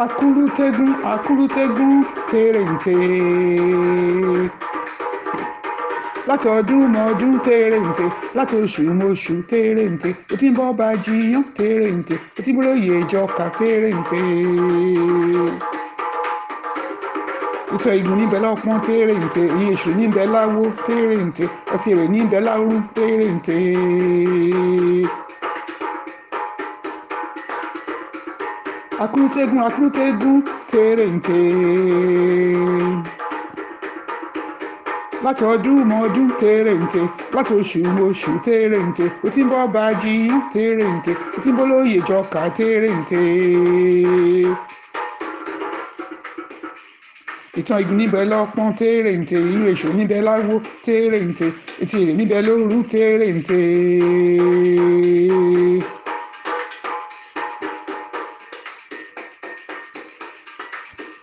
akúrútẹ́gùn akúrútẹ́gùn téréǹté láti ọdún mọ ọdún téréǹté láti oṣù mọ oṣù téréǹté o ti ń bọ́ bá jiyàn téréǹté o ti ń bọ́ lóye ìjọka téréǹté ìtọ́ igun níbẹ̀ lọ́pọ́n téréǹté ìyẹn èṣù níbẹ̀ láwo téréǹté ọtí èrè níbẹ̀ láwùrú téréǹté. akúrútégún akúrútégún téréǹté láti ọdún mọ ọdún téréǹté láti oṣù mọ oṣù téréǹté o ti ń bọ́ bá jiyàn téréǹté o ti ń bọ́ lóye jọkà téréǹté. ìtàn igi níbẹ̀ lọ́pọ́n téréǹté irú èṣù níbẹ̀ láwo téréǹté etí èrè níbẹ̀ lóru téréǹté.